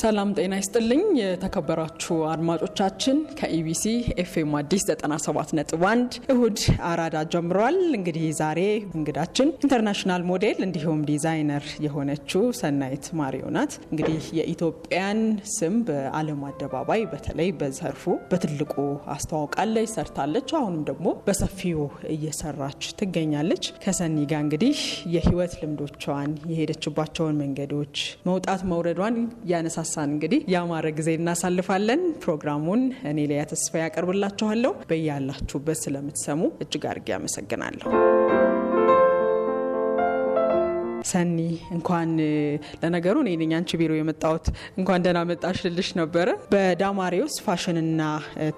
ሰላም ጤና ይስጥልኝ። የተከበራችሁ አድማጮቻችን ከኢቢሲ ኤፍኤም አዲስ ነ1 እሁድ አራዳ ጀምሯል። እንግዲህ ዛሬ እንግዳችን ኢንተርናሽናል ሞዴል እንዲሁም ዲዛይነር የሆነችው ሰናይት ማሪዮ ናት። እንግዲህ የኢትዮጵያን ስም በአለም አደባባይ በተለይ በዘርፉ በትልቁ አስተዋውቃለች፣ ሰርታለች። አሁንም ደግሞ በሰፊው እየሰራች ትገኛለች። ከሰኒ ጋር እንግዲህ የህይወት ልምዶቿን የሄደችባቸውን መንገዶች መውጣት መውረዷን ያነሳ እያነሳሳን እንግዲህ ያማረ ጊዜ እናሳልፋለን። ፕሮግራሙን እኔ ላይ ተስፋ ያቀርብላችኋለሁ። በያላችሁበት ስለምትሰሙ እጅግ አድርጌ አመሰግናለሁ። ሰኒ እንኳን ለነገሩ እኔ ነኝ አንቺ ቢሮ የመጣሁት እንኳን ደህና መጣሽ ልልሽ ነበረ። በዳማሪዎስ ፋሽንና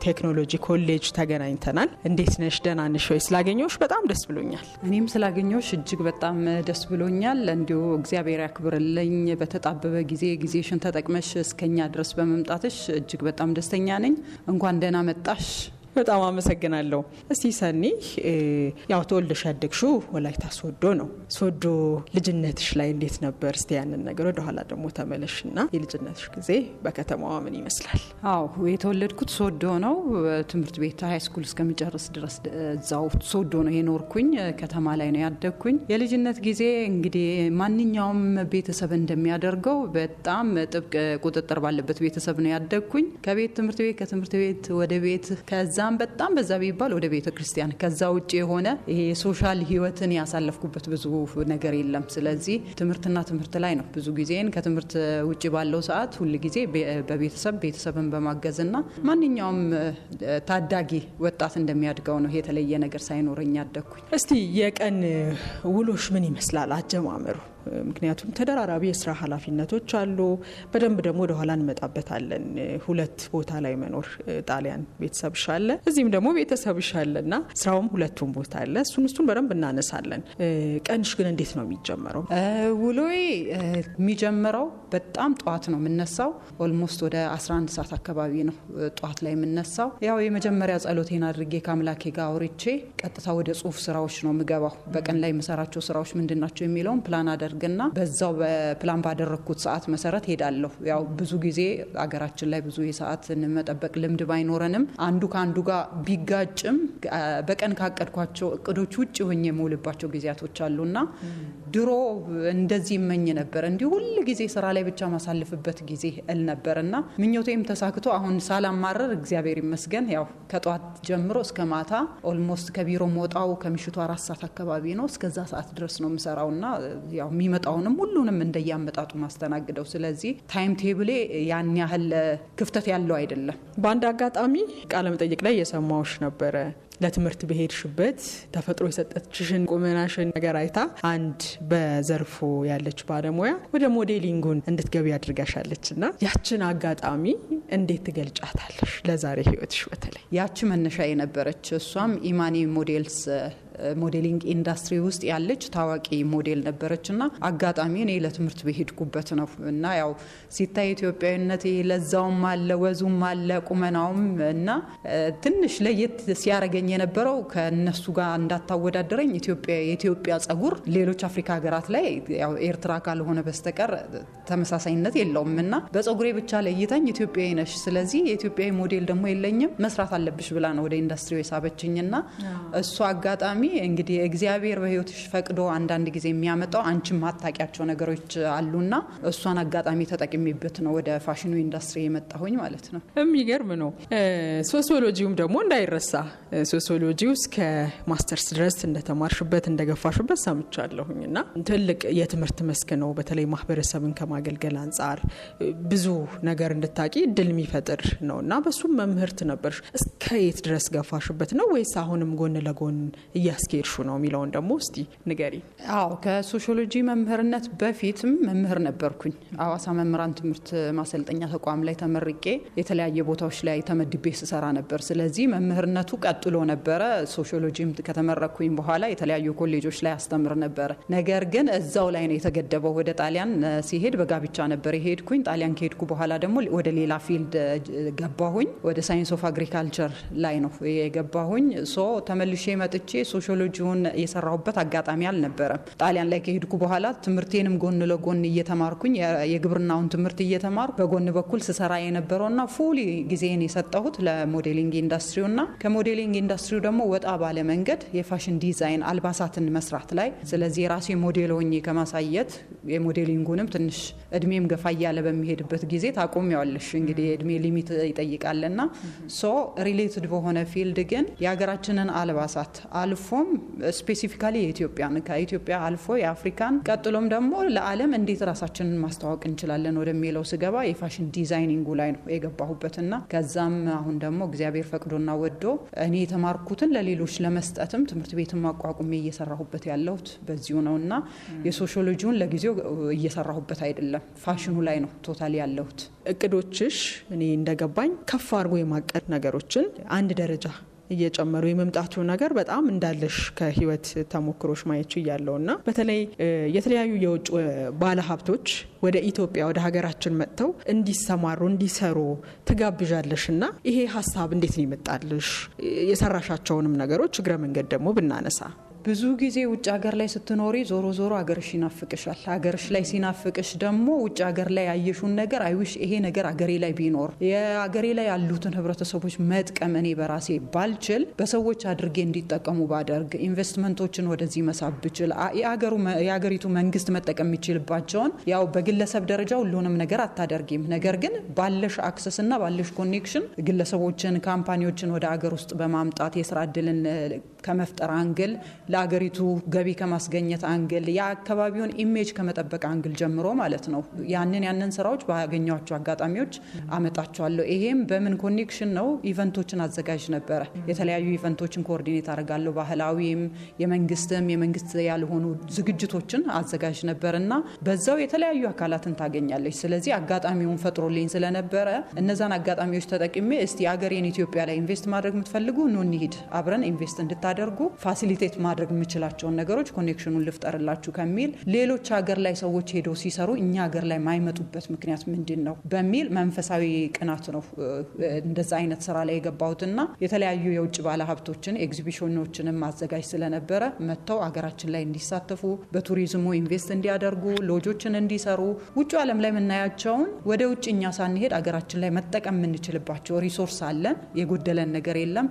ቴክኖሎጂ ኮሌጅ ተገናኝተናል። እንዴት ነሽ? ደህና ነሽ ወይ? ስላገኘሁሽ በጣም ደስ ብሎኛል። እኔም ስላገኘሁሽ እጅግ በጣም ደስ ብሎኛል። እንዲሁ እግዚአብሔር ያክብርልኝ። በተጣበበ ጊዜ ጊዜሽን ተጠቅመሽ እስከኛ ድረስ በመምጣትሽ እጅግ በጣም ደስተኛ ነኝ። እንኳን ደህና መጣሽ። በጣም አመሰግናለሁ። እስቲ ሰኒ፣ ያው ተወልደሽ ያደግሽው ወላይታ ሶዶ ነው። ሶዶ ልጅነትሽ ላይ እንዴት ነበር? እስቲ ያንን ነገር ወደኋላ ደግሞ ተመለሽ እና የልጅነትሽ ጊዜ በከተማዋ ምን ይመስላል? አዎ የተወለድኩት ሶዶ ነው። ትምህርት ቤት ሃይስኩል እስከሚጨርስ ድረስ እዛው ሶዶ ነው የኖርኩኝ። ከተማ ላይ ነው ያደግኩኝ። የልጅነት ጊዜ እንግዲህ ማንኛውም ቤተሰብ እንደሚያደርገው በጣም ጥብቅ ቁጥጥር ባለበት ቤተሰብ ነው ያደግኩኝ። ከቤት ትምህርት ቤት፣ ከትምህርት ቤት ወደ ቤት ከዛ ከዛም በጣም በዛ ቢባል ወደ ቤተ ክርስቲያን። ከዛ ውጭ የሆነ ይሄ የሶሻል ህይወትን ያሳለፍኩበት ብዙ ነገር የለም። ስለዚህ ትምህርትና ትምህርት ላይ ነው ብዙ ጊዜን ከትምህርት ውጭ ባለው ሰዓት ሁል ጊዜ በቤተሰብ ቤተሰብን በማገዝና ማንኛውም ታዳጊ ወጣት እንደሚያድገው ነው የተለየ ነገር ሳይኖረኝ ያደግኩኝ። እስቲ የቀን ውሎሽ ምን ይመስላል አጀማመሩ? ምክንያቱም ተደራራቢ የስራ ኃላፊነቶች አሉ። በደንብ ደግሞ ወደኋላ እንመጣበታለን። ሁለት ቦታ ላይ መኖር ጣሊያን ቤተሰብ አለ፣ እዚህም ደግሞ ቤተሰብሽ ሻለ እና ስራውም ሁለቱም ቦታ አለ። እሱን እሱን በደንብ እናነሳለን። ቀንሽ ግን እንዴት ነው የሚጀመረው? ውሎዬ የሚጀምረው በጣም ጠዋት ነው የምነሳው። ኦልሞስት ወደ 11 ሰዓት አካባቢ ነው ጠዋት ላይ የምነሳው። ያው የመጀመሪያ ጸሎቴን አድርጌ ከአምላኬ ጋር አውርቼ ቀጥታ ወደ ጽሁፍ ስራዎች ነው የምገባው። በቀን ላይ የምሰራቸው ስራዎች ምንድን ናቸው የሚለውን ፕላን አደር አደርግና በዛው በፕላን ባደረግኩት ሰዓት መሰረት ሄዳለሁ። ያው ብዙ ጊዜ አገራችን ላይ ብዙ የሰዓት መጠበቅ ልምድ ባይኖረንም አንዱ ከአንዱ ጋር ቢጋጭም በቀን ካቀድኳቸው እቅዶች ውጭ ሆኜ የምውልባቸው ጊዜያቶች አሉና ድሮ እንደዚህ ይመኝ ነበር እንዲሁ ሁል ጊዜ ስራ ላይ ብቻ ማሳልፍበት ጊዜ እል ነበር እና ምኞቴም ተሳክቶ አሁን ሳላማረር እግዚአብሔር ይመስገን ያው ከጠዋት ጀምሮ እስከ ማታ ኦልሞስት ከቢሮ መውጣው ከምሽቱ አራት ሰዓት አካባቢ ነው። እስከዛ ሰዓት ድረስ ነው የምሰራው እና ያው የሚመጣውንም ሁሉንም እንደያመጣጡ ማስተናግደው። ስለዚህ ታይም ቴብሌ ያን ያህል ክፍተት ያለው አይደለም። በአንድ አጋጣሚ መጠየቅ ላይ እየሰማዎች ነበረ ለትምህርት በሄድሽበት ተፈጥሮ የሰጠችሽን ቁመናሽን ነገር አይታ አንድ በዘርፉ ያለች ባለሙያ ወደ ሞዴሊንጉን እንድትገቢ አድርጋሻለች እና ያችን አጋጣሚ እንዴት ትገልጫታለሽ? ለዛሬ ህይወትሽ በተለይ ያቺ መነሻ የነበረች እሷም ኢማኒ ሞዴልስ ሞዴሊንግ ኢንዱስትሪ ውስጥ ያለች ታዋቂ ሞዴል ነበረች እና አጋጣሚ እኔ ለትምህርት በሄድኩበት ነው እና ያው ሲታይ ኢትዮጵያዊነት ለዛውም አለ ወዙም አለ ቁመናውም እና ትንሽ ለየት ሲያደርገኝ የነበረው ከነሱ ጋር እንዳታወዳደረኝ የኢትዮጵያ ጸጉር ሌሎች አፍሪካ ሀገራት ላይ ኤርትራ ካልሆነ በስተቀር ተመሳሳይነት የለውም እና በጸጉሬ ብቻ ለይተኝ ኢትዮጵያዊ ነሽ፣ ስለዚህ የኢትዮጵያዊ ሞዴል ደግሞ የለኝም መስራት አለብሽ ብላ ነው ወደ ኢንዱስትሪው የሳበችኝ እና እሱ አጋጣሚ አጋጣሚ እንግዲህ እግዚአብሔር በሕይወትሽ ፈቅዶ አንዳንድ ጊዜ የሚያመጣው አንቺም ማታቂያቸው ነገሮች አሉና እሷን አጋጣሚ ተጠቅሚበት ነው ወደ ፋሽኑ ኢንዱስትሪ የመጣሁኝ ማለት ነው። የሚገርም ነው። ሶሲዮሎጂውም ደግሞ እንዳይረሳ ሶሲዮሎጂ እስከ ማስተርስ ድረስ እንደተማርሽበት እንደገፋሽበት ሰምቻለሁኝ እና ትልቅ የትምህርት መስክ ነው። በተለይ ማህበረሰብን ከማገልገል አንጻር ብዙ ነገር እንድታቂ እድል የሚፈጥር ነው እና በሱም መምህርት ነበር። እስከ የት ድረስ ገፋሽበት ነው ወይስ አሁንም ጎን ለጎን እያ እያስኬድሹ ነው የሚለውን ደግሞ እስቲ ንገሪ። አዎ ከሶሽሎጂ መምህርነት በፊትም መምህር ነበርኩኝ። አዋሳ መምህራን ትምህርት ማሰልጠኛ ተቋም ላይ ተመርቄ የተለያየ ቦታዎች ላይ ተመድቤ ስሰራ ነበር። ስለዚህ መምህርነቱ ቀጥሎ ነበረ። ሶሺዮሎጂም ከተመረኩኝ በኋላ የተለያዩ ኮሌጆች ላይ አስተምር ነበረ። ነገር ግን እዛው ላይ ነው የተገደበው። ወደ ጣሊያን ሲሄድ በጋብቻ ነበር የሄድኩኝ። ጣሊያን ከሄድኩ በኋላ ደግሞ ወደ ሌላ ፊልድ ገባሁኝ። ወደ ሳይንስ ኦፍ አግሪካልቸር ላይ ነው የገባሁኝ። ሶ ተመልሼ መጥቼ ሶሽሎጂውን የሰራሁበት አጋጣሚ አልነበረም። ጣሊያን ላይ ከሄድኩ በኋላ ትምህርቴንም ጎን ለጎን እየተማርኩኝ የግብርናውን ትምህርት እየተማርኩ በጎን በኩል ስሰራ የነበረውና ፉሊ ጊዜን የሰጠሁት ለሞዴሊንግ ኢንዱስትሪውና ከሞዴሊንግ ኢንዱስትሪው ደግሞ ወጣ ባለ መንገድ የፋሽን ዲዛይን አልባሳትን መስራት ላይ ስለዚህ የራሴ ሞዴል ሆኜ ከማሳየት የሞዴሊንጉንም ትንሽ እድሜም ገፋ እያለ በሚሄድበት ጊዜ ታቆሚዋለሽ እንግዲህ የእድሜ ሊሚት ይጠይቃልና ሶ ሪሌትድ በሆነ ፊልድ ግን የሀገራችንን አልባሳት አልፎ አልፎም ስፔሲፊካሊ የኢትዮጵያን ከኢትዮጵያ አልፎ የአፍሪካን ቀጥሎም ደግሞ ለዓለም እንዴት ራሳችንን ማስተዋወቅ እንችላለን ወደሚለው ስገባ የፋሽን ዲዛይኒንጉ ላይ ነው የገባሁበትና ከዛም አሁን ደግሞ እግዚአብሔር ፈቅዶና ወዶ እኔ የተማርኩትን ለሌሎች ለመስጠትም ትምህርት ቤት ማቋቁሜ እየሰራሁበት ያለሁት በዚሁ ነው እና የሶሽሎጂውን ለጊዜው እየሰራሁበት አይደለም፣ ፋሽኑ ላይ ነው ቶታል ያለሁት። እቅዶችሽ እኔ እንደገባኝ ከፍ አድርጎ የማቀድ ነገሮችን አንድ ደረጃ እየጨመሩ የመምጣቱ ነገር በጣም እንዳለሽ ከህይወት ተሞክሮች ማየች እያለው እና በተለይ የተለያዩ የውጭ ባለ ሀብቶች ወደ ኢትዮጵያ ወደ ሀገራችን መጥተው እንዲሰማሩ እንዲሰሩ ትጋብዣለሽ እና ይሄ ሀሳብ እንዴት ነው ይመጣልሽ? የሰራሻቸውንም ነገሮች እግረ መንገድ ደግሞ ብናነሳ ብዙ ጊዜ ውጭ ሀገር ላይ ስትኖሪ ዞሮ ዞሮ ሀገርሽ ይናፍቅሻል። ሀገርሽ ላይ ሲናፍቅሽ ደግሞ ውጭ ሀገር ላይ ያየሽውን ነገር አይውሽ ይሄ ነገር አገሬ ላይ ቢኖር የአገሬ ላይ ያሉትን ህብረተሰቦች መጥቀም እኔ በራሴ ባልችል በሰዎች አድርጌ እንዲጠቀሙ ባደርግ፣ ኢንቨስትመንቶችን ወደዚህ መሳብ ብችል፣ የሀገሪቱ መንግስት መጠቀም የሚችልባቸውን ያው በግለሰብ ደረጃ ሁሉንም ነገር አታደርጊም። ነገር ግን ባለሽ አክሰስ እና ባለሽ ኮኔክሽን ግለሰቦችን፣ ካምፓኒዎችን ወደ ሀገር ውስጥ በማምጣት የስራ እድልን ከመፍጠር አንግል ለሀገሪቱ ገቢ ከማስገኘት አንግል የአካባቢውን ኢሜጅ ከመጠበቅ አንግል ጀምሮ ማለት ነው። ያንን ያንን ስራዎች ባገኟቸው አጋጣሚዎች አመጣቸዋለሁ። ይሄም በምን ኮኔክሽን ነው? ኢቨንቶችን አዘጋጅ ነበረ። የተለያዩ ኢቨንቶችን ኮኦርዲኔት አደርጋለሁ። ባህላዊም፣ የመንግስትም፣ የመንግስት ያልሆኑ ዝግጅቶችን አዘጋጅ ነበር እና በዛው የተለያዩ አካላትን ታገኛለች። ስለዚህ አጋጣሚውን ፈጥሮልኝ ስለነበረ እነዛን አጋጣሚዎች ተጠቅሜ እስቲ አገሬን ኢትዮጵያ ላይ ኢንቨስት ማድረግ የምትፈልጉ ኑ እንሂድ፣ አብረን ኢንቨስት እንድታደርጉ ፋሲሊቴት ማድረግ ማድረግ የምችላቸውን ነገሮች ኮኔክሽኑን ልፍጠርላችሁ ከሚል ሌሎች ሀገር ላይ ሰዎች ሄደው ሲሰሩ እኛ ሀገር ላይ ማይመጡበት ምክንያት ምንድን ነው በሚል መንፈሳዊ ቅናት ነው እንደዛ አይነት ስራ ላይ የገባሁትና የተለያዩ የውጭ ባለሀብቶችን ኤግዚቢሽኖችንም ማዘጋጅ ስለነበረ መጥተው አገራችን ላይ እንዲሳተፉ በቱሪዝሙ ኢንቨስት እንዲያደርጉ ሎጆችን እንዲሰሩ ውጭ ዓለም ላይ የምናያቸውን ወደ ውጭ እኛ ሳንሄድ አገራችን ላይ መጠቀም የምንችልባቸው ሪሶርስ አለን። የጎደለን ነገር የለም።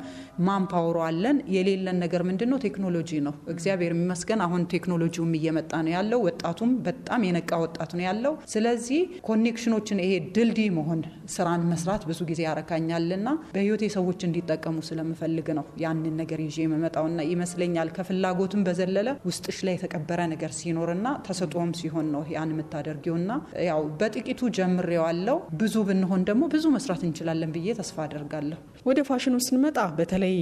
ማንፓወሮ አለን። የሌለን ነገር ምንድን ነው? ቴክኖሎጂ ነው። እግዚአብሔር ይመስገን አሁን ቴክኖሎጂውም እየመጣ ነው ያለው። ወጣቱም በጣም የነቃ ወጣት ነው ያለው። ስለዚህ ኮኔክሽኖችን ይሄ ድልድይ መሆን ስራን መስራት ብዙ ጊዜ ያረካኛልና በህይወቴ ሰዎች እንዲጠቀሙ ስለምፈልግ ነው ያንን ነገር ይዤ የምመጣውና ይመስለኛል ከፍላጎትም በዘለለ ውስጥሽ ላይ የተቀበረ ነገር ሲኖርና ተሰጥኦም ሲሆን ነው ያን የምታደርጊውና ያው በጥቂቱ ጀምሬዋለው። ብዙ ብንሆን ደግሞ ብዙ መስራት እንችላለን ብዬ ተስፋ አደርጋለሁ። ወደ ፋሽኑ ስንመጣ በተለይ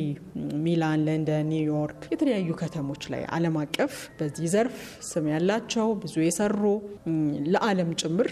ሚላን፣ ለንደን፣ ኒውዮርክ የተለያዩ ከተሞች ላይ ዓለም አቀፍ በዚህ ዘርፍ ስም ያላቸው ብዙ የሰሩ ለዓለም ጭምር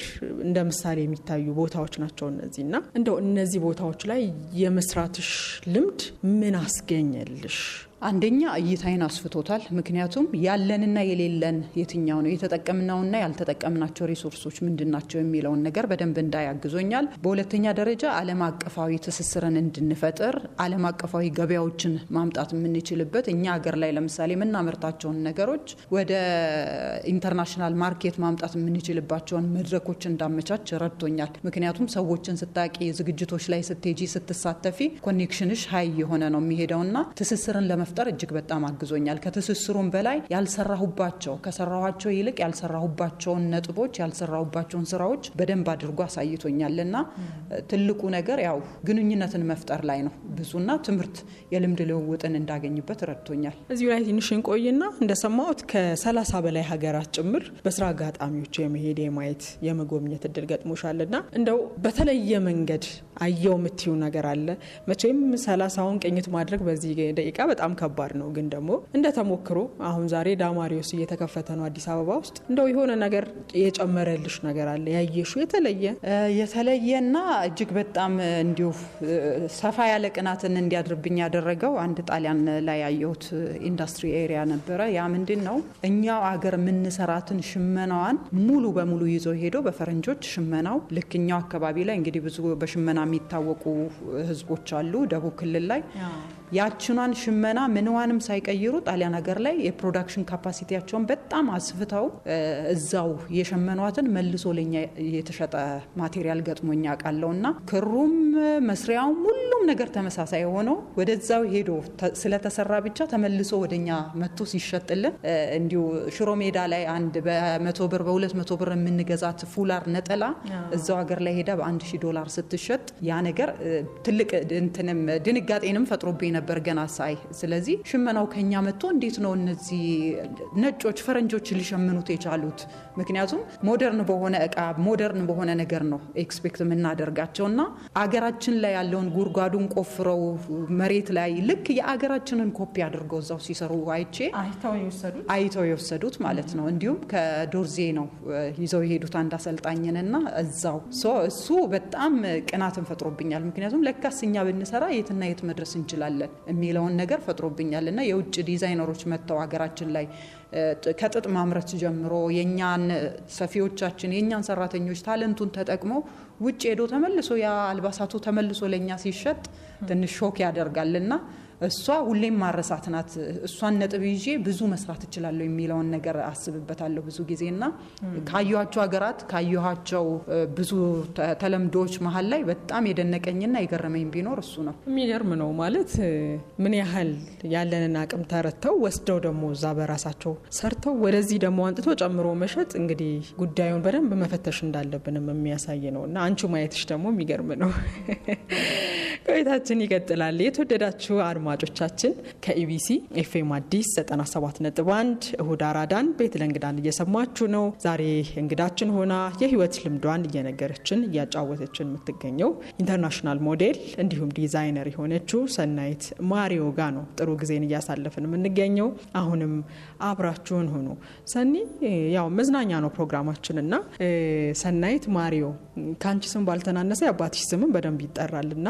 እንደ ምሳሌ የሚታዩ ቦታዎች ናቸው እነዚህ እና እንደው እነዚህ ቦታዎች ላይ የመስራትሽ ልምድ ምን አስገኘልሽ? አንደኛ እይታይን አስፍቶታል። ምክንያቱም ያለንና የሌለን የትኛው ነው የተጠቀምናውና ያልተጠቀምናቸው ሪሶርሶች ምንድን ናቸው የሚለውን ነገር በደንብ እንዳያግዞኛል። በሁለተኛ ደረጃ ዓለም አቀፋዊ ትስስርን እንድንፈጥር ዓለም አቀፋዊ ገበያዎችን ማምጣት የምንችልበት እኛ ሀገር ላይ ለምሳሌ የምናመርታቸውን ነገሮች ወደ ኢንተርናሽናል ማርኬት ማምጣት የምንችልባቸውን መድረኮች እንዳመቻች ረድቶኛል። ምክንያቱም ሰዎችን ስታቂ፣ ዝግጅቶች ላይ ስትጂ ስትሳተፊ ኮኔክሽንሽ ሀይ የሆነ ነው የሚሄደውና ትስስርን ለመ ለመፍጠር እጅግ በጣም አግዞኛል። ከትስስሩም በላይ ያልሰራሁባቸው ከሰራኋቸው ይልቅ ያልሰራሁባቸውን ነጥቦች ያልሰራሁባቸውን ስራዎች በደንብ አድርጎ አሳይቶኛል እና ትልቁ ነገር ያው ግንኙነትን መፍጠር ላይ ነው ብዙና ትምህርት የልምድ ልውውጥን እንዳገኝበት ረድቶኛል። እዚሁ ላይ ትንሽ እንቆይና እንደሰማሁት ከሰላሳ በላይ ሀገራት ጭምር በስራ አጋጣሚዎች የመሄድ የማየት የመጎብኘት እድል ገጥሞሻልና እንደው በተለየ መንገድ አየው የምትዩ ነገር አለ። መቼም ሰላሳውን ቅኝት ማድረግ በዚህ ደቂቃ በጣም ከባድ ነው። ግን ደግሞ እንደ ተሞክሮ አሁን ዛሬ ዳማሪዎስ እየተከፈተ ነው አዲስ አበባ ውስጥ እንደው የሆነ ነገር የጨመረልሽ ነገር አለ ያየሹ የተለየ የተለየና እጅግ በጣም እንዲሁ ሰፋ ያለ ቅናትን እንዲያድርብኝ ያደረገው አንድ ጣሊያን ላይ ያየሁት ኢንዱስትሪ ኤሪያ ነበረ። ያ ምንድን ነው እኛው አገር የምንሰራትን ሽመናዋን ሙሉ በሙሉ ይዞ ሄዶ በፈረንጆች ሽመናው ልክኛው አካባቢ ላይ እንግዲህ ብዙ በሽመና የሚታወቁ ህዝቦች አሉ ደቡብ ክልል ላይ ያችኗን ሽመና ምንዋንም ሳይቀይሩ ጣሊያን ሀገር ላይ የፕሮዳክሽን ካፓሲቲያቸውን በጣም አስፍተው እዛው የሸመኗትን መልሶ ለኛ የተሸጠ ማቴሪያል ገጥሞኛ ቃለው እና ክሩም መስሪያውም ሁሉም ነገር ተመሳሳይ የሆነው ወደዛው ሄዶ ስለተሰራ ብቻ ተመልሶ ወደኛ መጥቶ ሲሸጥልን እንዲሁ ሽሮ ሜዳ ላይ አንድ በመቶ ብር በሁለት መቶ ብር የምንገዛት ፉላር ነጠላ እዛው ሀገር ላይ ሄዳ በአንድ ሺህ ዶላር ስትሸጥ ያ ነገር ትልቅ እንትንም ድንጋጤንም ፈጥሮብኝ ነበር ገና ሳይ። ስለዚህ ሽመናው ከኛ መጥቶ እንዴት ነው እነዚህ ነጮች ፈረንጆች ሊሸምኑት የቻሉት? ምክንያቱም ሞደርን በሆነ እቃ ሞደርን በሆነ ነገር ነው ኤክስፔክት የምናደርጋቸው እና አገራችን ላይ ያለውን ጉድጓዱን ቆፍረው መሬት ላይ ልክ የአገራችንን ኮፒ አድርገው እዛው ሲሰሩ አይቼ አይተው የወሰዱት ማለት ነው። እንዲሁም ከዶርዜ ነው ይዘው የሄዱት አንድ አሰልጣኝንና እዛው እሱ በጣም ቅናትን ፈጥሮብኛል። ምክንያቱም ለካስ እኛ ብንሰራ የትና የት መድረስ እንችላለን የሚለውን ነገር ፈጥሮብኛል እና የውጭ ዲዛይነሮች መጥተው ሀገራችን ላይ ከጥጥ ማምረት ጀምሮ የእኛን ሰፊዎቻችን የእኛን ሰራተኞች ታለንቱን ተጠቅሞ ውጭ ሄዶ ተመልሶ ያ አልባሳቱ ተመልሶ ለእኛ ሲሸጥ ትንሽ ሾክ ያደርጋልና እሷ ሁሌም ማረሳት ናት። እሷን ነጥብ ይዤ ብዙ መስራት እችላለሁ የሚለውን ነገር አስብበታለሁ ብዙ ጊዜ እና ካየኋቸው ሀገራት ካየኋቸው ብዙ ተለምዶዎች መሀል ላይ በጣም የደነቀኝና የገረመኝ ቢኖር እሱ ነው። የሚገርም ነው ማለት ምን ያህል ያለንን አቅም ተረድተው ወስደው ደግሞ እዛ በራሳቸው ሰርተው ወደዚህ ደግሞ አንጥቶ ጨምሮ መሸጥ እንግዲህ ጉዳዩን በደንብ መፈተሽ እንዳለብንም የሚያሳይ ነው እና አንቺ ማየትሽ ደግሞ የሚገርም ነው። ቆይታችን ይቀጥላል። የተወደዳችሁ አድማ አድማጮቻችን ከኢቢሲ ኤፍኤም አዲስ 97.1 እሁድ አራዳን ቤት ለእንግዳን እየሰማችሁ ነው። ዛሬ እንግዳችን ሆና የህይወት ልምዷን እየነገረችን እያጫወተችን የምትገኘው ኢንተርናሽናል ሞዴል እንዲሁም ዲዛይነር የሆነችው ሰናይት ማሪዮ ጋ ነው ጥሩ ጊዜን እያሳለፍን የምንገኘው። አሁንም አብራችሁን ሆኑ። ሰኒ ያው መዝናኛ ነው ፕሮግራማችን እና ሰናይት ማሪዮ ከአንቺ ስም ባልተናነሰ የአባትሽ ስምም በደንብ ይጠራል እና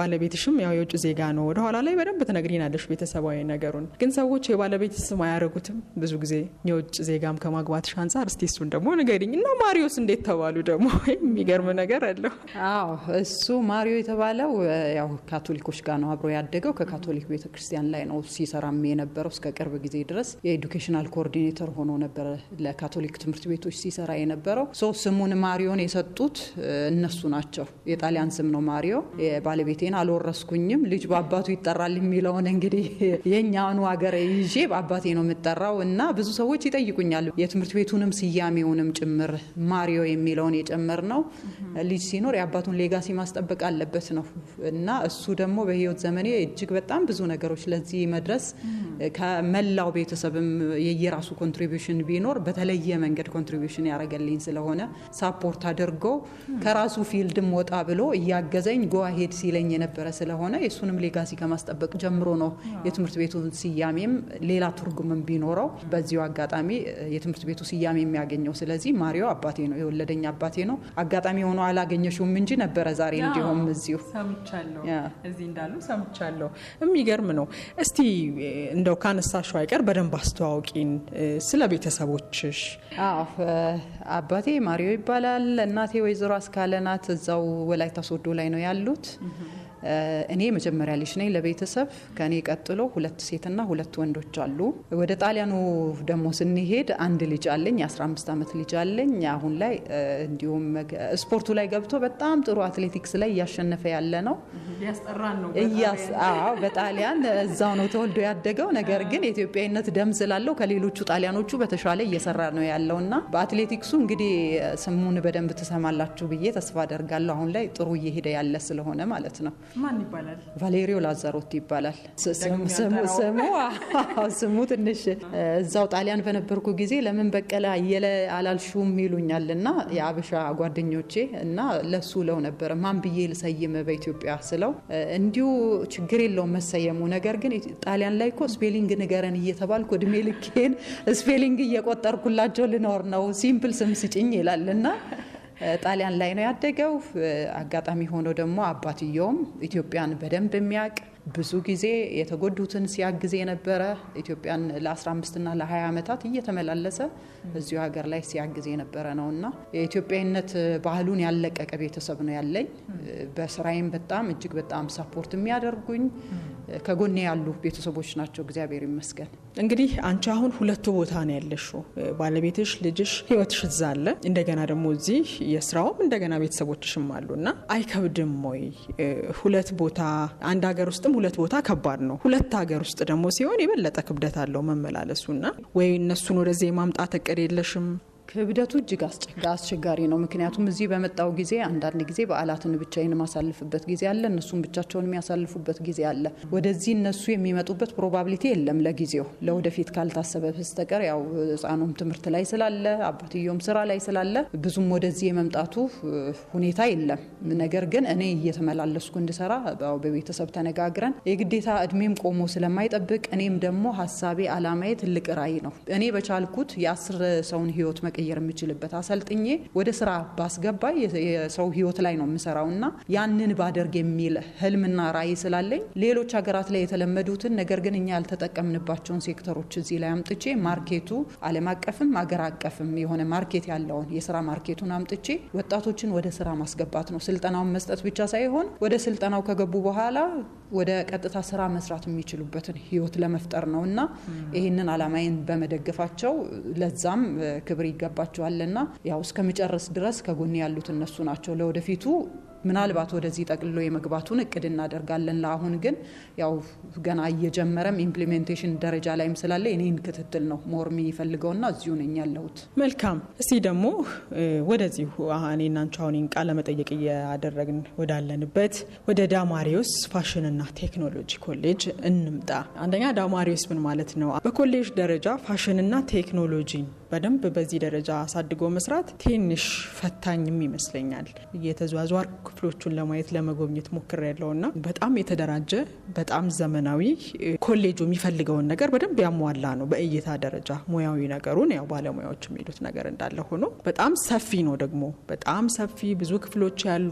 ባለቤትሽም ያው የውጭ ዜጋ ነው። ወደኋላ ላይ በደንብ ትነግሪናለሽ ቤተሰባዊ ነገሩን። ግን ሰዎች የባለቤት ስም አያረጉትም ብዙ ጊዜ የውጭ ዜጋም ከማግባትሽ አንጻር። እስቲ እሱን ደግሞ ንገሪኝ እና ማሪዮስ እንዴት ተባሉ ደግሞ የሚገርም ነገር አለው። አዎ እሱ ማሪዮ የተባለው ያው ካቶሊኮች ጋር ነው አብሮ ያደገው። ከካቶሊክ ቤተክርስቲያን ላይ ነው ሲሰራም የነበረው እስከ ቅርብ ጊዜ ድረስ የኤዱኬሽናል ኮኦርዲኔተር ሆኖ ነበረ ለካቶሊክ ትምህርት ቤቶች ሲሰራ የነበረው። ሶ ስሙን ማሪዮን የሰጡት እነሱ ናቸው። የጣሊያን ስም ነው ማሪዮ። የባለቤቴን አልወረስኩኝም ልጅ በአባቱ ይጠራል የሚለውን እንግዲህ የእኛኑ ሀገር ይዤ በአባቴ ነው የምጠራው እና ብዙ ሰዎች ይጠይቁኛል። የትምህርት ቤቱንም ስያሜውንም ጭምር ማሪዮ የሚለውን የጨመር ነው። ልጅ ሲኖር የአባቱን ሌጋሲ ማስጠበቅ አለበት ነው እና እሱ ደግሞ በህይወት ዘመኔ እጅግ በጣም ብዙ ነገሮች ለዚህ መድረስ ከመላው ቤተሰብም የየራሱ ኮንትሪቢሽን ቢኖር በተለየ መንገድ ኮንትሪቢሽን ያደረገልኝ ስለሆነ ሳፖርት አድርጎ ከራሱ ፊልድም ወጣ ብሎ እያገዘኝ ጎ አሄድ ሲለኝ የነበረ ስለሆነ የእሱንም ሌጋሲ ከማስጠበቅ ጀምሮ ነው የትምህርት ቤቱን ስያሜም ሌላ ትርጉምም ቢኖረው በዚሁ አጋጣሚ የትምህርት ቤቱ ስያሜ የሚያገኘው። ስለዚህ ማሪዮ አባቴ ነው የወለደኝ አባቴ ነው። አጋጣሚ ሆኖ አላገኘሽውም እንጂ ነበረ ዛሬ እንዲሁም እዚሁ እዚህ እንዳሉ ሰምቻለሁ። የሚገርም ነው። እስቲ እንደው ካነሳሽው አይቀር በደንብ አስተዋውቂን ስለ ቤተሰቦችሽ። አባቴ ማሪዮ ይባላል። እናቴ ወይዘሮ አስካለናት እዛው ወላይታ ሶዶ ላይ ነው ያሉት። እኔ መጀመሪያ ልጅ ነኝ ለቤተሰብ ከእኔ ቀጥሎ ሁለት ሴትና ሁለት ወንዶች አሉ። ወደ ጣሊያኑ ደግሞ ስንሄድ አንድ ልጅ አለኝ፣ የ15 ዓመት ልጅ አለኝ። አሁን ላይ እንዲሁም ስፖርቱ ላይ ገብቶ በጣም ጥሩ አትሌቲክስ ላይ እያሸነፈ ያለ ነው። በጣሊያን እዛው ነው ተወልዶ ያደገው። ነገር ግን የኢትዮጵያዊነት ደም ስላለው ከሌሎቹ ጣሊያኖቹ በተሻለ እየሰራ ነው ያለው እና በአትሌቲክሱ እንግዲህ ስሙን በደንብ ትሰማላችሁ ብዬ ተስፋ አደርጋለሁ። አሁን ላይ ጥሩ እየሄደ ያለ ስለሆነ ማለት ነው። ማን ይባላል? ቫሌሪዮ ላዛሮቲ ይባላል ስሙ። ትንሽ እዛው ጣሊያን በነበርኩ ጊዜ ለምን በቀለ አየለ አላልሹም ይሉኛል እና የአበሻ ጓደኞቼ እና ለሱ ለው ነበረ ማን ብዬ ልሰይም በኢትዮጵያ ስለው እንዲሁ ችግር የለውም መሰየሙ፣ ነገር ግን ጣሊያን ላይ ኮ ስፔሊንግ ንገረን እየተባልኩ እድሜ ልኬን ስፔሊንግ እየቆጠርኩላቸው ልኖር ነው ሲምፕል ስም ስጭኝ ይላል እና ጣሊያን ላይ ነው ያደገው። አጋጣሚ ሆኖ ደግሞ አባትየውም ኢትዮጵያን በደንብ የሚያውቅ ብዙ ጊዜ የተጎዱትን ሲያግዝ የነበረ ኢትዮጵያን ለ15ና ለ20 ዓመታት እየተመላለሰ እዚሁ ሀገር ላይ ሲያግዝ የነበረ ነው እና የኢትዮጵያዊነት ባህሉን ያለቀቀ ቤተሰብ ነው ያለኝ። በስራዬም በጣም እጅግ በጣም ሳፖርት የሚያደርጉኝ ከጎኔ ያሉ ቤተሰቦች ናቸው። እግዚአብሔር ይመስገን። እንግዲህ አንቺ አሁን ሁለቱ ቦታ ነው ያለሽው፣ ባለቤትሽ፣ ልጅሽ፣ ህይወትሽ እዛ አለ። እንደገና ደግሞ እዚህ የስራውም እንደገና ቤተሰቦችሽም አሉ እና አይከብድም ወይ? ሁለት ቦታ አንድ ሀገር ውስጥም ሁለት ቦታ ከባድ ነው። ሁለት ሀገር ውስጥ ደግሞ ሲሆን የበለጠ ክብደት አለው መመላለሱ እና ወይ እነሱን ወደዚህ የማምጣት እቅድ የለሽም? ክብደቱ እጅግ አስቸጋሪ ነው። ምክንያቱም እዚህ በመጣው ጊዜ አንዳንድ ጊዜ በዓላትን ብቻዬን የማሳልፍበት ጊዜ አለ፣ እነሱም ብቻቸውን የሚያሳልፉበት ጊዜ አለ። ወደዚህ እነሱ የሚመጡበት ፕሮባብሊቲ የለም ለጊዜው ለወደፊት ካልታሰበ በስተቀር ያው ሕፃኑም ትምህርት ላይ ስላለ አባትየውም ስራ ላይ ስላለ ብዙም ወደዚህ የመምጣቱ ሁኔታ የለም። ነገር ግን እኔ እየተመላለስኩ እንድሰራ በቤተሰብ ተነጋግረን የግዴታ እድሜም ቆሞ ስለማይጠብቅ እኔም ደግሞ ሀሳቤ አላማዬ ትልቅ ራዕይ ነው። እኔ በቻልኩት የአስር ሰውን ህይወት መቀየር የምችልበት አሰልጥኜ ወደ ስራ ባስገባ የሰው ህይወት ላይ ነው የምሰራው እና ያንን ባደርግ የሚል ህልምና ራዕይ ስላለኝ ሌሎች ሀገራት ላይ የተለመዱትን ነገር ግን እኛ ያልተጠቀምንባቸውን ሴክተሮች እዚህ ላይ አምጥቼ ማርኬቱ ዓለም አቀፍም አገር አቀፍም የሆነ ማርኬት ያለውን የስራ ማርኬቱን አምጥቼ ወጣቶችን ወደ ስራ ማስገባት ነው። ስልጠናውን መስጠት ብቻ ሳይሆን ወደ ስልጠናው ከገቡ በኋላ ወደ ቀጥታ ስራ መስራት የሚችሉበትን ህይወት ለመፍጠር ነው እና ይህንን አላማዬን በመደገፋቸው ለዛም ክብር ይገባቸዋልና ያው እስከምጨርስ ድረስ ከጎን ያሉት እነሱ ናቸው። ለወደፊቱ ምናልባት ወደዚህ ጠቅልሎ የመግባቱን እቅድ እናደርጋለን። ለአሁን ግን ያው ገና እየጀመረም ኢምፕሊሜንቴሽን ደረጃ ላይም ስላለ የኔን ክትትል ነው ሞር የሚፈልገውና እዚሁ ነኝ ያለሁት። መልካም። እስቲ ደግሞ ወደዚሁ እኔና አንቺ አሁን ቃለ መጠየቅ እያደረግን ወዳለንበት ወደ ዳማሪዮስ ፋሽንና ቴክኖሎጂ ኮሌጅ እንምጣ። አንደኛ ዳማሪዮስ ምን ማለት ነው? በኮሌጅ ደረጃ ፋሽንና ቴክኖሎጂን በደንብ በዚህ ደረጃ አሳድጎ መስራት ትንሽ ፈታኝም ይመስለኛል። እየተዟዟርኩ ክፍሎቹን ለማየት ለመጎብኘት ያለው ና በጣም የተደራጀ በጣም ዘመናዊ ኮሌጁ የሚፈልገውን ነገር በደንብ ያሟላ ነው። በእይታ ደረጃ ሙያዊ ነገሩን ያው ባለሙያዎች የሚሉት ነገር እንዳለ ሆኖ በጣም ሰፊ ነው። ደግሞ በጣም ሰፊ ብዙ ክፍሎች ያሉ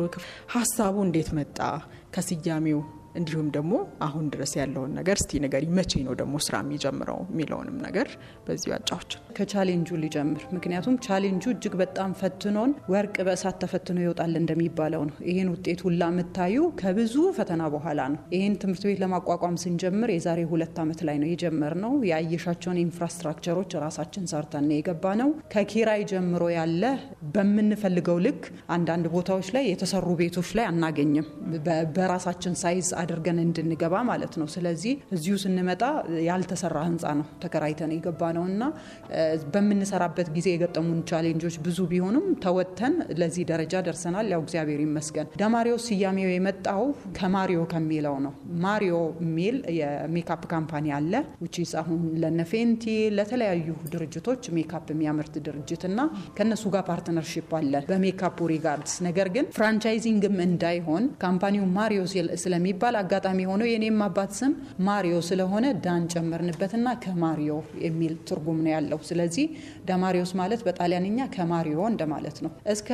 ሀሳቡ እንዴት መጣ ከስያሜው እንዲሁም ደግሞ አሁን ድረስ ያለውን ነገር እስቲ ንገሪ፣ መቼ ነው ደግሞ ስራ የሚጀምረው የሚለውንም ነገር በዚሁ አጫዎች። ከቻሌንጁ ሊጀምር ምክንያቱም ቻሌንጁ እጅግ በጣም ፈትኖን ወርቅ በእሳት ተፈትኖ ይወጣል እንደሚባለው ነው። ይህን ውጤት ሁላ የምታዩ ከብዙ ፈተና በኋላ ነው። ይህን ትምህርት ቤት ለማቋቋም ስንጀምር የዛሬ ሁለት ዓመት ላይ ነው የጀመርነው። የአየሻቸውን ኢንፍራስትራክቸሮች ራሳችን ሰርተን የገባ ነው። ከኪራይ ጀምሮ ያለ በምንፈልገው ልክ አንዳንድ ቦታዎች ላይ የተሰሩ ቤቶች ላይ አናገኝም። በራሳችን ሳይዝ አድርገን እንድንገባ ማለት ነው። ስለዚህ እዚሁ ስንመጣ ያልተሰራ ህንፃ ነው ተከራይተን የገባ ነው እና በምንሰራበት ጊዜ የገጠሙን ቻሌንጆች ብዙ ቢሆንም ተወጥተን ለዚህ ደረጃ ደርሰናል። ያው እግዚአብሔር ይመስገን። ደማሪዮ ስያሜው የመጣው ከማሪዮ ከሚለው ነው። ማሪዮ የሚል የሜካፕ ካምፓኒ አለ ውጪስ አሁን ለነፌንቲ ለተለያዩ ድርጅቶች ሜካፕ የሚያመርት ድርጅት እና ከነሱ ጋር ፓርትነርሽፕ አለን በሜካፑ ሪጋርድስ። ነገር ግን ፍራንቻይዚንግም እንዳይሆን ካምፓኒው ማሪዮ ስለሚባል ይባላል። አጋጣሚ ሆኖ የኔም አባት ስም ማሪዮ ስለሆነ ዳን ጨመርንበትና ከማሪዮ የሚል ትርጉም ነው ያለው። ስለዚህ ዳማሪዮስ ማለት በጣሊያንኛ ከማሪዮ እንደማለት ነው። እስከ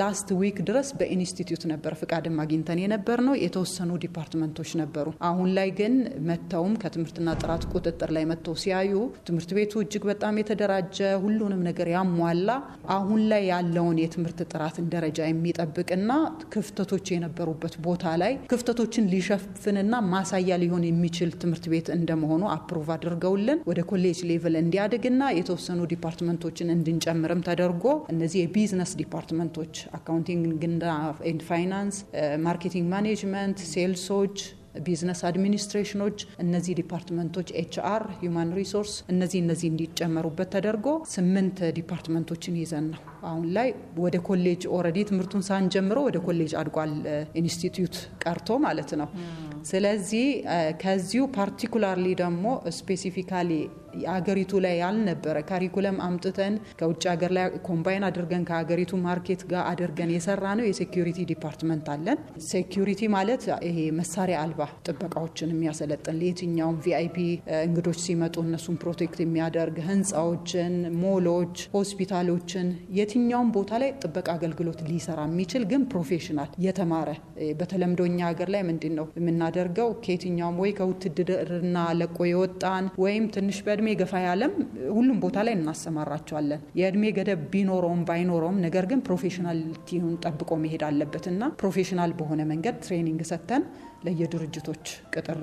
ላስት ዊክ ድረስ በኢንስቲትዩት ነበር ፍቃድም አግኝተን የነበር ነው። የተወሰኑ ዲፓርትመንቶች ነበሩ። አሁን ላይ ግን መጥተውም ከትምህርትና ጥራት ቁጥጥር ላይ መጥተው ሲያዩ ትምህርት ቤቱ እጅግ በጣም የተደራጀ ሁሉንም ነገር ያሟላ አሁን ላይ ያለውን የትምህርት ጥራትን ደረጃ የሚጠብቅና ክፍተቶች የነበሩበት ቦታ ላይ ክፍተቶችን ሊሸፍንና ማሳያ ሊሆን የሚችል ትምህርት ቤት እንደመሆኑ አፕሩቭ አድርገውልን ወደ ኮሌጅ ሌቭል እንዲያድግና የተወሰኑ ዲፓርትመንቶችን እንድንጨምርም ተደርጎ እነዚህ የቢዝነስ ዲፓርትመንቶች አካውንቲንግና ፋይናንስ፣ ማርኬቲንግ ማኔጅመንት፣ ሴልሶች ቢዝነስ አድሚኒስትሬሽኖች እነዚህ ዲፓርትመንቶች አር ሂውማን ሪሶርስ እነዚህ እነዚህ እንዲጨመሩበት ተደርጎ ስምንት ዲፓርትመንቶችን ይዘን ነው አሁን ላይ ወደ ኮሌጅ ኦልሬዲ ትምህርቱን ጀምሮ ወደ ኮሌጅ አድጓል፣ ኢንስቲትዩት ቀርቶ ማለት ነው። ስለዚህ ከዚሁ ፓርቲኩላርሊ ደግሞ ስፔሲፊካሊ አገሪቱ ላይ ያልነበረ ካሪኩለም አምጥተን ከውጭ ሀገር ላይ ኮምባይን አድርገን ከሀገሪቱ ማርኬት ጋር አድርገን የሰራ ነው። የሴኪሪቲ ዲፓርትመንት አለን። ሴኪሪቲ ማለት ይሄ መሳሪያ አልባ ጥበቃዎችን የሚያሰለጥን ለየትኛውም ቪአይፒ እንግዶች ሲመጡ እነሱን ፕሮቴክት የሚያደርግ ህንፃዎችን፣ ሞሎች፣ ሆስፒታሎችን የት የትኛውም ቦታ ላይ ጥበቃ አገልግሎት ሊሰራ የሚችል ግን ፕሮፌሽናል የተማረ በተለምዶ እኛ ሀገር ላይ ምንድን ነው የምናደርገው? ከየትኛውም ወይ ከውትድርና ለቆ የወጣን ወይም ትንሽ በእድሜ ገፋ ያለም ሁሉም ቦታ ላይ እናሰማራቸዋለን። የእድሜ ገደብ ቢኖረውም ባይኖረውም ነገር ግን ፕሮፌሽናል ጠብቆ መሄድ አለበት እና ፕሮፌሽናል በሆነ መንገድ ትሬኒንግ ሰጥተን ለየድርጅቶች ቅጥር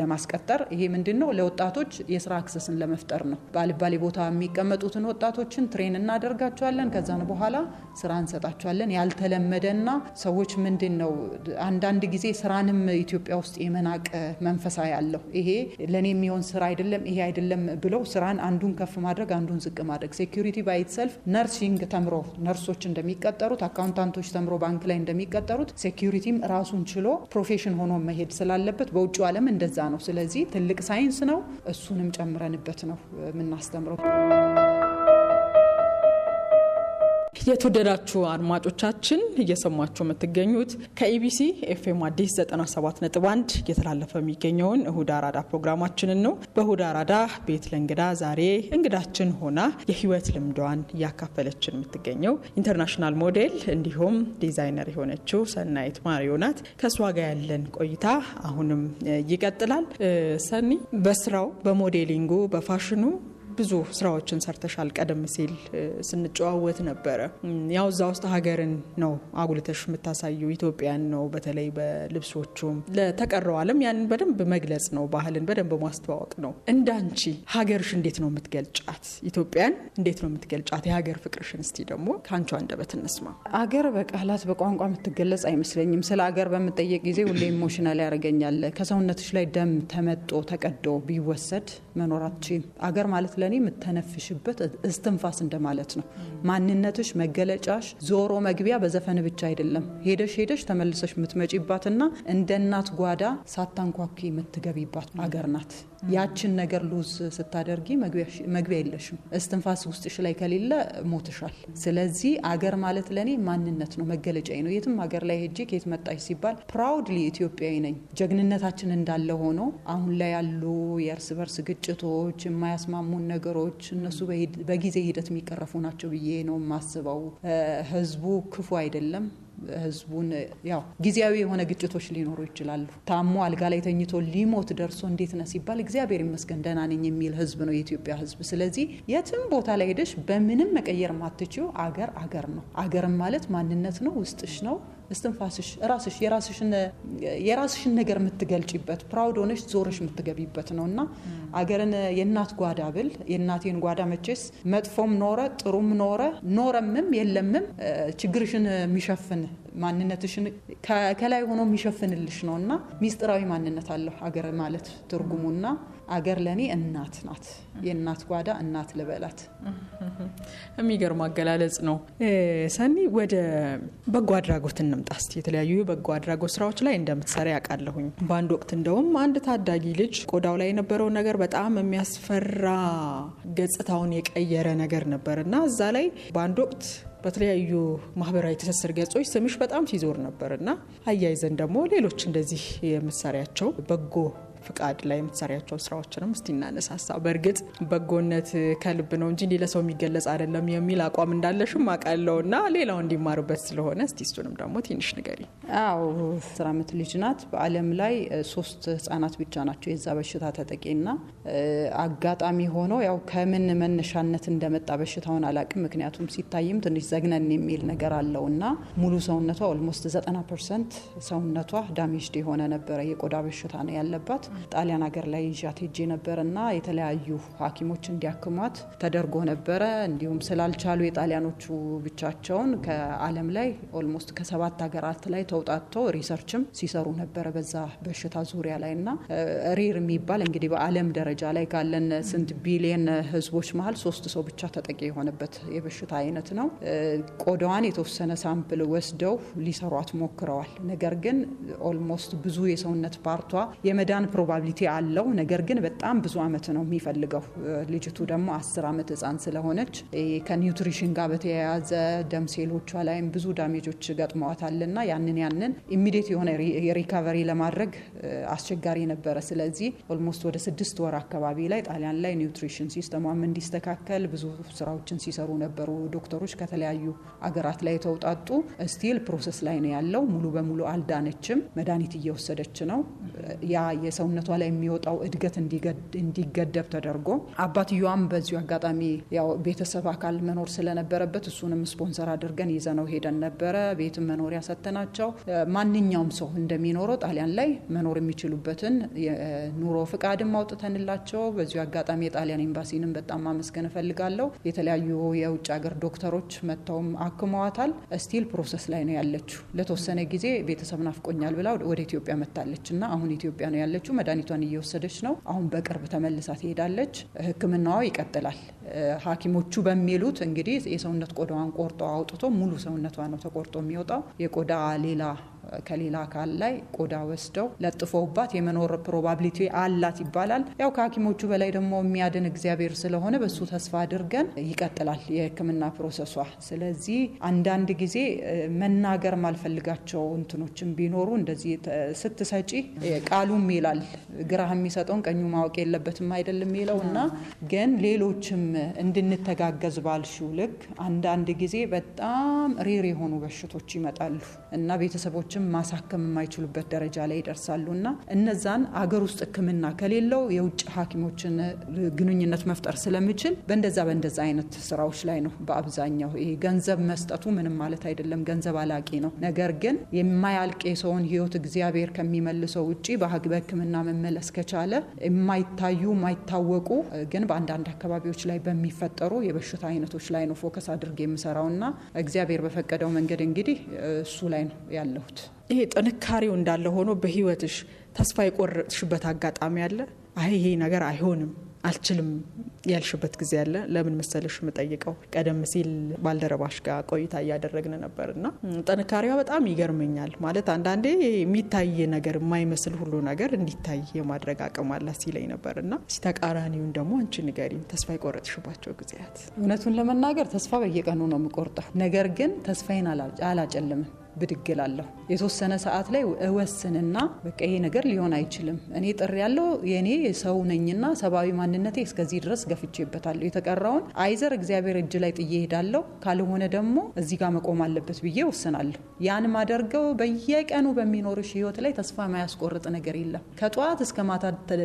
ለማስቀጠር። ይሄ ምንድን ነው? ለወጣቶች የስራ አክሰስን ለመፍጠር ነው። ባልባሌ ቦታ የሚቀመጡትን ወጣቶችን ትሬን እናደርጋቸዋለን። ከዛን በኋላ ስራ እንሰጣቸዋለን። ያልተለመደና ሰዎች ምንድን ነው አንዳንድ ጊዜ ስራንም ኢትዮጵያ ውስጥ የመናቅ መንፈሳ ያለው ይሄ ለእኔ የሚሆን ስራ አይደለም፣ ይሄ አይደለም ብለው ስራን አንዱን ከፍ ማድረግ፣ አንዱን ዝቅ ማድረግ። ሴኩሪቲ ባይትሰልፍ ነርሲንግ ተምሮ ነርሶች እንደሚቀጠሩት አካውንታንቶች ተምሮ ባንክ ላይ እንደሚቀጠሩት ሴኩሪቲም ራሱን ችሎ ፕሮፌሽን ሶሉሽን ሆኖ መሄድ ስላለበት በውጭው ዓለም እንደዛ ነው። ስለዚህ ትልቅ ሳይንስ ነው። እሱንም ጨምረንበት ነው የምናስተምረው። የተወደዳችሁ አድማጮቻችን እየሰማችሁ የምትገኙት ከኢቢሲ ኤፍኤም አዲስ 97.1 እየተላለፈ የሚገኘውን እሁድ አራዳ ፕሮግራማችንን ነው። በእሁድ አራዳ ቤት ለእንግዳ ዛሬ እንግዳችን ሆና የህይወት ልምዷን እያካፈለችን የምትገኘው ኢንተርናሽናል ሞዴል እንዲሁም ዲዛይነር የሆነችው ሰናይት ማሪዮ ናት። ከእሷ ጋር ያለን ቆይታ አሁንም ይቀጥላል። ሰኒ በስራው በሞዴሊንጉ በፋሽኑ ብዙ ስራዎችን ሰርተሻል። ቀደም ሲል ስንጨዋወት ነበረ። ያው እዛ ውስጥ ሀገርን ነው አጉልተሽ የምታሳዩ ኢትዮጵያን ነው በተለይ በልብሶቹም ለተቀረው ዓለም ያንን በደንብ መግለጽ ነው፣ ባህልን በደንብ ማስተዋወቅ ነው። እንዳንቺ ሀገርሽ እንዴት ነው የምትገልጫት? ኢትዮጵያን እንዴት ነው የምትገልጫት? የሀገር ፍቅርሽን እስቲ ደግሞ ከአንቺ አንደበት እንስማ። አገር በቃላት በቋንቋ የምትገለጽ አይመስለኝም። ስለ አገር በምጠየቅ ጊዜ ሁሌ ኢሞሽናል ያደርገኛል። ከሰውነትሽ ላይ ደም ተመጦ ተቀዶ ቢወሰድ መኖራችን አገር ማለት ለእኔ የምተነፍሽበት እስትንፋስ እንደማለት ነው። ማንነትሽ መገለጫሽ፣ ዞሮ መግቢያ በዘፈን ብቻ አይደለም። ሄደሽ ሄደሽ ተመልሰሽ የምትመጪባትና እንደ እናት ጓዳ ሳታንኳኪ የምትገቢባት አገር ናት። ያችን ነገር ሉዝ ስታደርጊ መግቢያ የለሽም። እስትንፋስ ውስጥሽ ላይ ከሌለ ሞትሻል። ስለዚህ አገር ማለት ለእኔ ማንነት ነው፣ መገለጫዬ ነው። የትም ሀገር ላይ ሄጄ ከየት መጣሽ ሲባል ፕራውድሊ ኢትዮጵያዊ ነኝ። ጀግንነታችን እንዳለ ሆኖ አሁን ላይ ያሉ የእርስ በርስ ግጭቶች፣ የማያስማሙን ነገሮች እነሱ በጊዜ ሂደት የሚቀረፉ ናቸው ብዬ ነው የማስበው። ህዝቡ ክፉ አይደለም። ህዝቡን ያው ጊዜያዊ የሆነ ግጭቶች ሊኖሩ ይችላሉ። ታሞ አልጋ ላይ ተኝቶ ሊሞት ደርሶ እንዴት ነ ሲባል እግዚአብሔር ይመስገን ደህና ነኝ የሚል ህዝብ ነው የኢትዮጵያ ህዝብ። ስለዚህ የትም ቦታ ላይ ሄደሽ በምንም መቀየር ማትችው አገር አገር ነው። አገርም ማለት ማንነት ነው፣ ውስጥሽ ነው እስትንፋስሽ ራስሽ የራስሽን ነገር የምትገልጭበት ፕራውድ ሆነሽ ዞረሽ የምትገቢበት ነው እና አገርን የእናት ጓዳ ብል የእናቴን ጓዳ መቼስ መጥፎም ኖረ ጥሩም ኖረ ኖረምም የለምም ችግርሽን የሚሸፍን ማንነትሽን ከላይ ሆኖ የሚሸፍንልሽ ነው እና ሚስጥራዊ ማንነት አለው አገር ማለት ትርጉሙና አገር ለእኔ እናት ናት። የእናት ጓዳ እናት ልበላት። የሚገርም አገላለጽ ነው። ሰኒ፣ ወደ በጎ አድራጎት እንምጣ እስቲ። የተለያዩ የበጎ አድራጎት ስራዎች ላይ እንደምትሰራ ያውቃለሁኝ። በአንድ ወቅት እንደውም አንድ ታዳጊ ልጅ ቆዳው ላይ የነበረውን ነገር በጣም የሚያስፈራ ገጽታውን የቀየረ ነገር ነበር እና እዛ ላይ በአንድ ወቅት በተለያዩ ማህበራዊ ትስስር ገጾች ስምሽ በጣም ሲዞር ነበር እና አያይዘን ደግሞ ሌሎች እንደዚህ የምሳሪያቸው በጎ ፍቃድ ላይ የምትሰሪያቸው ስራዎችንም እስቲ እናነሳሳ። በእርግጥ በጎነት ከልብ ነው እንጂ ለሰው የሚገለጽ አይደለም የሚል አቋም እንዳለሽም አውቃለሁ እና ሌላው እንዲማሩበት ስለሆነ እስቲ እሱንም ደግሞ ትንሽ ንገሪ። አዎ አስር ዓመት ልጅ ናት። በዓለም ላይ ሶስት ህጻናት ብቻ ናቸው የዛ በሽታ ተጠቂና አጋጣሚ ሆኖ ያው ከምን መነሻነት እንደመጣ በሽታውን አላቅም። ምክንያቱም ሲታይም ትንሽ ዘግነን የሚል ነገር አለው እና ሙሉ ሰውነቷ ኦልሞስት 90 ፐርሰንት ሰውነቷ ዳሜጅድ የሆነ ነበረ የቆዳ በሽታ ነው ያለባት። ጣሊያን ሀገር ላይ ይዣት ሄጄ ነበር እና የተለያዩ ሐኪሞች እንዲያክሟት ተደርጎ ነበረ። እንዲሁም ስላልቻሉ የጣሊያኖቹ ብቻቸውን ከዓለም ላይ ኦልሞስት ከሰባት ሀገራት ላይ ተውጣጥተው ሪሰርችም ሲሰሩ ነበረ በዛ በሽታ ዙሪያ ላይ እና ሬር የሚባል እንግዲህ በዓለም ደረጃ ላይ ካለን ስንት ቢሊየን ህዝቦች መሀል ሶስት ሰው ብቻ ተጠቂ የሆነበት የበሽታ አይነት ነው። ቆዳዋን የተወሰነ ሳምፕል ወስደው ሊሰሯት ሞክረዋል። ነገር ግን ኦልሞስት ብዙ የሰውነት ፓርቷ የመዳን ፕሮ ፕሮባቢሊቲ አለው። ነገር ግን በጣም ብዙ አመት ነው የሚፈልገው። ልጅቱ ደግሞ አስር አመት ህፃን ስለሆነች ከኒውትሪሽን ጋር በተያያዘ ደም ሴሎቿ ላይም ብዙ ዳሜጆች ና ያንን ያንን ኢሚዲየት የሆነ የሪካቨሪ ለማድረግ አስቸጋሪ ነበረ። ስለዚህ ኦልሞስት ወደ ስድስት ወር አካባቢ ላይ ጣሊያን ላይ ኒውትሪሽን ሲስተሟም እንዲስተካከል ብዙ ስራዎችን ሲሰሩ ነበሩ ዶክተሮች ከተለያዩ አገራት ላይ የተውጣጡ። ስቲል ፕሮሰስ ላይ ነው ያለው። ሙሉ በሙሉ አልዳነችም። መድኃኒት እየወሰደች ነው። ያ የሰው ሰውነቷ ላይ የሚወጣው እድገት እንዲገደብ ተደርጎ አባትየዋም በዚሁ አጋጣሚ ያው ቤተሰብ አካል መኖር ስለነበረበት እሱንም ስፖንሰር አድርገን ይዘነው ሄደን ነበረ። ቤትም መኖሪያ ሰተናቸው ማንኛውም ሰው እንደሚኖረው ጣሊያን ላይ መኖር የሚችሉበትን የኑሮ ፍቃድም አውጥተንላቸው በዚሁ አጋጣሚ የጣሊያን ኤምባሲንም በጣም ማመስገን እፈልጋለሁ። የተለያዩ የውጭ ሀገር ዶክተሮች መጥተውም አክመዋታል። ስቲል ፕሮሰስ ላይ ነው ያለችው። ለተወሰነ ጊዜ ቤተሰብ ናፍቆኛል ብላ ወደ ኢትዮጵያ መታለች እና አሁን ኢትዮጵያ ነው ያለችው። መድኃኒቷን እየወሰደች ነው። አሁን በቅርብ ተመልሳ ትሄዳለች። ሕክምናዋ ይቀጥላል። ሐኪሞቹ በሚሉት እንግዲህ የሰውነት ቆዳዋን ቆርጦ አውጥቶ ሙሉ ሰውነቷ ነው ተቆርጦ የሚወጣው የቆዳ ሌላ ከሌላ አካል ላይ ቆዳ ወስደው ለጥፈውባት የመኖር ፕሮባብሊቲ አላት ይባላል። ያው ከሐኪሞቹ በላይ ደግሞ የሚያድን እግዚአብሔር ስለሆነ በሱ ተስፋ አድርገን ይቀጥላል የህክምና ፕሮሰሷ። ስለዚህ አንዳንድ ጊዜ መናገር ማልፈልጋቸው እንትኖችን ቢኖሩ እንደዚህ ስትሰጪ ቃሉም ይላል ግራህ የሚሰጠውን ቀኙ ማወቅ የለበትም አይደለም ይለው እና ግን ሌሎችም እንድንተጋገዝ ባልሽው ልክ አንዳንድ ጊዜ በጣም ሬር የሆኑ በሽቶች ይመጣሉ እና ቤተሰቦች ችግሮችን ማሳከም የማይችሉበት ደረጃ ላይ ይደርሳሉ እና እነዛን አገር ውስጥ ሕክምና ከሌለው የውጭ ሐኪሞችን ግንኙነት መፍጠር ስለምችል በእንደዛ በእንደዛ አይነት ስራዎች ላይ ነው በአብዛኛው። ይሄ ገንዘብ መስጠቱ ምንም ማለት አይደለም፣ ገንዘብ አላቂ ነው። ነገር ግን የማያልቅ የሰውን ህይወት እግዚአብሔር ከሚመልሰው ውጭ በሕክምና መመለስ ከቻለ የማይታዩ የማይታወቁ ግን በአንዳንድ አካባቢዎች ላይ በሚፈጠሩ የበሽታ አይነቶች ላይ ነው ፎከስ አድርጌ የምሰራውና እግዚአብሔር በፈቀደው መንገድ እንግዲህ እሱ ላይ ነው ያለሁት። ይሄ ጥንካሬው እንዳለ ሆኖ በህይወትሽ ተስፋ የቆረጥሽበት አጋጣሚ አለ? አይ ይሄ ነገር አይሆንም አልችልም ያልሽበት ጊዜ አለ? ለምን መሰለሽ የምጠይቀው ቀደም ሲል ባልደረባሽ ጋር ቆይታ እያደረግን ነበር እና ጥንካሬዋ በጣም ይገርመኛል። ማለት አንዳንዴ የሚታይ ነገር የማይመስል ሁሉ ነገር እንዲታይ የማድረግ አቅም አላት ሲለኝ ነበር እና ተቃራኒውን ደግሞ አንቺ ንገሪኝ፣ ተስፋ የቆረጥሽባቸው ጊዜያት? እውነቱን ለመናገር ተስፋ በየቀኑ ነው የምቆርጠው። ነገር ግን ተስፋዬን አላጨልምም ብድግል እላለሁ። የተወሰነ ሰዓት ላይ እወስንና በቃ ይሄ ነገር ሊሆን አይችልም፣ እኔ ጥር ያለው የእኔ ሰው ነኝና ሰብአዊ ማንነቴ እስከዚህ ድረስ ገፍቼበታለሁ። የተቀረውን አይዘር እግዚአብሔር እጅ ላይ ጥዬ ሄዳለሁ፣ ካልሆነ ደግሞ እዚህ ጋር መቆም አለበት ብዬ ወስናለሁ። ያን ማደርገው በየቀኑ በሚኖርሽ ህይወት ላይ ተስፋ የማያስቆርጥ ነገር የለም። ከጠዋት እስከ ማታ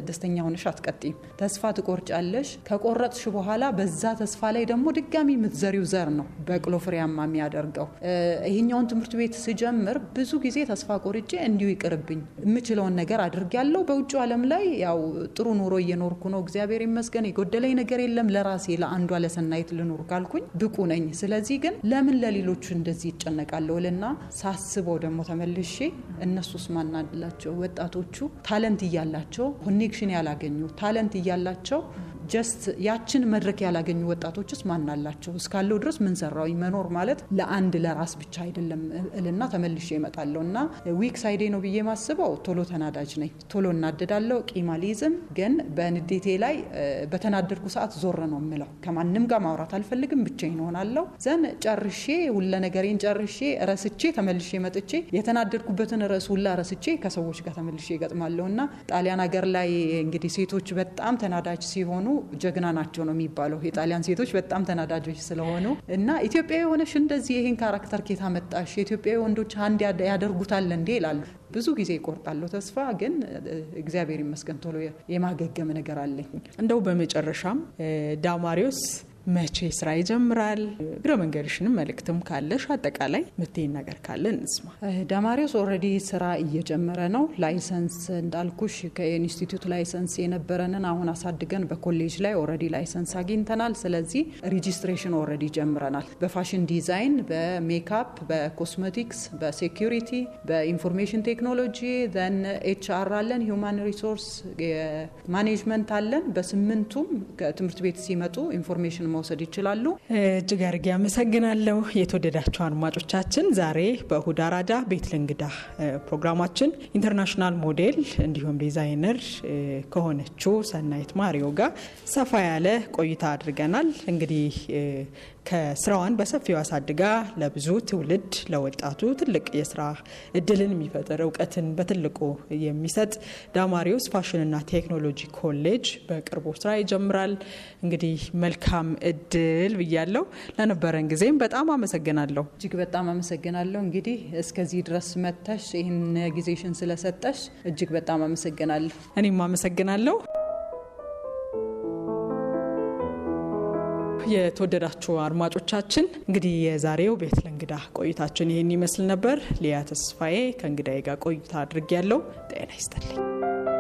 ደስተኛ ሆነሽ አትቀጥም። ተስፋ ትቆርጫለሽ። ከቆረጥሽ በኋላ በዛ ተስፋ ላይ ደግሞ ድጋሚ የምትዘሪው ዘር ነው በቅሎ ፍሬያማ የሚያደርገው። ይሄኛውን ትምህርት ቤት ስጀምር ብዙ ጊዜ ተስፋ ቆርጬ እንዲሁ ይቅርብኝ የምችለውን ነገር አድርጊያለሁ። በውጭ ዓለም ላይ ያው ጥሩ ኑሮ እየኖርኩ ነው፣ እግዚአብሔር ይመስገን፣ የጎደለኝ ነገር የለም። ለራሴ ለአንዷ ለሰናይት ልኖር ካልኩኝ ብቁ ነኝ። ስለዚህ ግን ለምን ለሌሎቹ እንደዚህ ይጨነቃለሁ ልና ሳስበው ደግሞ ተመልሼ እነሱስ ማናላቸው ወጣቶቹ ታለንት እያላቸው ኮኔክሽን ያላገኙ ታለንት እያላቸው ጀስት ያችን መድረክ ያላገኙ ወጣቶችስ ማን አላቸው እስካለው ድረስ ምን ሰራው መኖር ማለት ለአንድ ለራስ ብቻ አይደለም እልና ተመልሼ እመጣለሁ እና ዊክ ሳይዴ ነው ብዬ ማስበው ቶሎ ተናዳጅ ነኝ ቶሎ እናደዳለሁ ቂማሊዝም ግን በንዴቴ ላይ በተናደድኩ ሰዓት ዞር ነው የምለው ከማንም ጋር ማውራት አልፈልግም ብቻዬን እሆናለሁ ዘን ጨርሼ ሁለ ነገሬን ጨርሼ ረስቼ ተመልሼ መጥቼ የተናደድኩበትን ርዕስ ሁላ ረስቼ ከሰዎች ጋር ተመልሼ ይገጥማለሁ እና ጣሊያን ሀገር ላይ እንግዲህ ሴቶች በጣም ተናዳጅ ሲሆኑ ጀግና ናቸው ነው የሚባለው። የጣሊያን ሴቶች በጣም ተናዳጆች ስለሆኑ እና ኢትዮጵያዊ የሆነሽ እንደዚህ ይህን ካራክተር ኬታ መጣሽ? የኢትዮጵያዊ ወንዶች አንድ ያደርጉታል እንዴ ይላሉ። ብዙ ጊዜ ይቆርጣለሁ ተስፋ፣ ግን እግዚአብሔር ይመስገን ቶሎ የማገገም ነገር አለኝ። እንደው በመጨረሻም ዳማሪዎስ መቼ ስራ ይጀምራል፣ እግረ መንገድሽንም መልእክትም ካለሽ አጠቃላይ ምትይን ነገር ካለ እንስማ። ደማሪዎስ ኦልሬዲ ስራ እየጀመረ ነው። ላይሰንስ እንዳልኩሽ ከኢንስቲትዩት ላይሰንስ የነበረንን አሁን አሳድገን በኮሌጅ ላይ ኦልሬዲ ላይሰንስ አግኝተናል። ስለዚህ ሬጂስትሬሽን ኦልሬዲ ጀምረናል። በፋሽን ዲዛይን፣ በሜካፕ፣ በኮስሜቲክስ፣ በሴኪሪቲ፣ በኢንፎርሜሽን ቴክኖሎጂ ዘን ኤች አር አለን፣ ሂውማን ሪሶርስ ማኔጅመንት አለን። በስምንቱም ከትምህርት ቤት ሲመጡ ኢንፎርሜሽን መውሰድ ይችላሉ። እጅግ አርጌ አመሰግናለሁ። የተወደዳቸው አድማጮቻችን ዛሬ በእሁድ አራዳ ቤት ለእንግዳ ፕሮግራማችን ኢንተርናሽናል ሞዴል እንዲሁም ዲዛይነር ከሆነችው ሰናይት ማሪዮ ጋር ሰፋ ያለ ቆይታ አድርገናል። እንግዲህ ከስራዋን በሰፊው አሳድጋ ለብዙ ትውልድ ለወጣቱ ትልቅ የስራ እድልን የሚፈጥር እውቀትን በትልቁ የሚሰጥ ዳማሪዎስ ፋሽንና ቴክኖሎጂ ኮሌጅ በቅርቡ ስራ ይጀምራል። እንግዲህ መልካም እድል ብያለው። ለነበረን ጊዜም በጣም አመሰግናለሁ። እጅግ በጣም አመሰግናለሁ። እንግዲህ እስከዚህ ድረስ መተሽ ይህን ጊዜሽን ስለሰጠሽ እጅግ በጣም አመሰግናለሁ። እኔም አመሰግናለሁ። የተወደዳችሁ አድማጮቻችን እንግዲህ የዛሬው ቤት ለእንግዳ ቆይታችን ይህን ይመስል ነበር። ሊያ ተስፋዬ ከእንግዳዬ ጋር ቆይታ ያለው ጤና ይስጠልኝ